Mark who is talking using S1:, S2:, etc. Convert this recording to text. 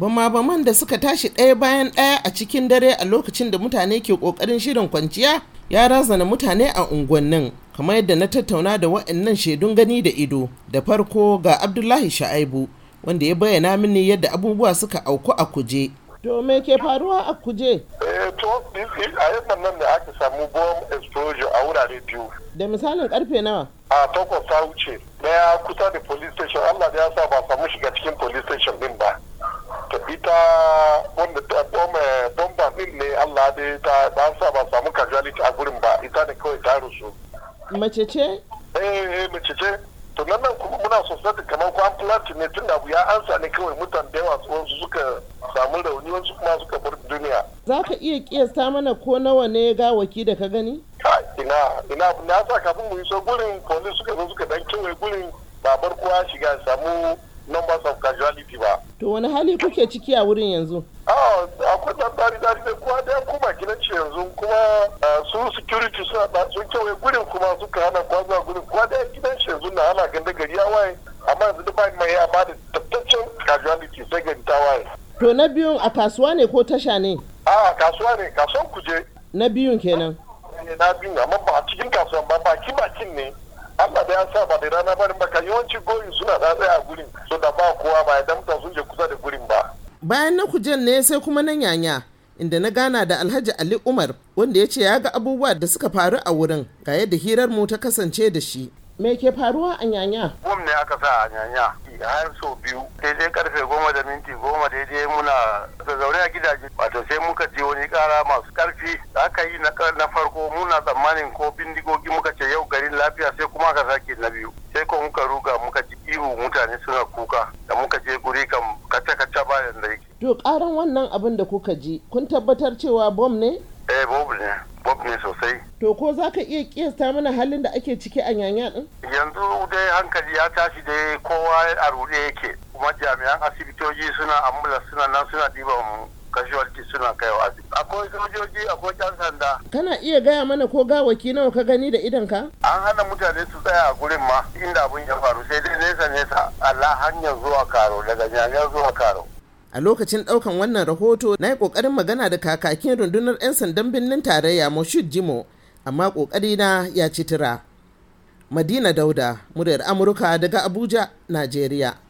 S1: bama-baman da suka tashi ɗaya bayan ɗaya a cikin dare a lokacin da mutane ke ƙoƙarin shirin kwanciya ya razana mutane a unguwannin kamar yadda na tattauna da wa'annan shaidun gani da ido da farko ga abdullahi sha'aibu wanda ya bayyana mini yadda abubuwa suka auku a kuje to me ke faruwa a kuje eh to a
S2: yadda nan da aka samu bomb explosion a wurare biyu
S1: da misalin karfe nawa
S2: a takwas ta wuce daya kusa da police station allah ya sa ba samu shiga cikin police station din ba ta wanda ta bomba din ne Allah dai ta ba sa ba samu casualty a gurin ba ita ne kawai ta rusu mace ce eh, eh mace ce to nan nan kuma muna sadi kamar ko an plant ne tun da ya ansa ne kawai mutan da yawa wasu suka samu rauni wasu kuma suka bar duniya
S1: za ka iya kiyasta mana ko nawa ne waki da ka gani
S2: ina ina na sa kafin mu iso gurin police suka zo suka dan kewaye gurin babar kowa shiga samu nomba of casualty ba
S1: to wani hali kuke ciki a wurin yanzu akwai dan dari dari da kuma dan kuma gidan yanzu kuma
S2: su security suna da sun kewaye gurin kuma suka hana kuwa zuwa gurin kuwa da gidan yanzu na hana ganda gari ya waye amma yanzu duk ba mai amma da tabbacin casualty sai gari ta waye
S1: to na biyun a kasuwa ne ko tasha ne
S2: a kasuwa ne kasuwan kuje
S1: na biyun kenan
S2: eh, na biyun amma ba a cikin kasuwa ba baki bakin ne Allah da ya sa ba da rana barin baka yawancin goyin suna da a gurin so da ba kowa ba idan mutane sun je kusa da gurin ba
S1: bayan na kujen ne sai kuma nan yanya inda na gana da Alhaji Ali Umar wanda ya ce ya ga abubuwa da suka faru a wurin ga yadda hirar mu ta kasance da shi me ke faruwa a nyanya
S2: bom ne aka sa a nyanya har so biyu daidai karfe goma da minti goma daidai muna zaune a gidaje wato sai muka ji wani kara masu karfi aka yi na farko muna tsammanin ko bindigogi muka ce yau garin lafiya sai kuma aka sake na biyu sai ko muka ruga muka ji ihu mutane suna kuka da muka je guri kam kace-kace bayan da yake
S1: to karan wannan abin da kuka ji kun tabbatar cewa bom ne
S2: eh bom ne ne sosai.
S1: To ko za ka iya kiyasta mana halin da ake ciki a yanya din?
S2: Yanzu dai hankali ya tashi dai kowa a ruɗe yake kuma jami'an asibitoji suna ambula suna nan suna diban casualty suna kaiwa asibiti. Akwai sojoji akwai ƴan sanda.
S1: Kana iya gaya mana ko gawaki nawa ka gani da idan ka?
S2: An hana mutane su tsaya a gurin ma inda abin ya faru sai dai nesa nesa Allah hanyar zuwa karo daga yanya zuwa karo.
S1: a lokacin ɗaukan wannan rahoto na yi ƙoƙarin magana da kakakin rundunar 'yan sandan birnin tarayya moshud jimo amma na ya ci tira madina dauda muryar amurka daga abuja najeriya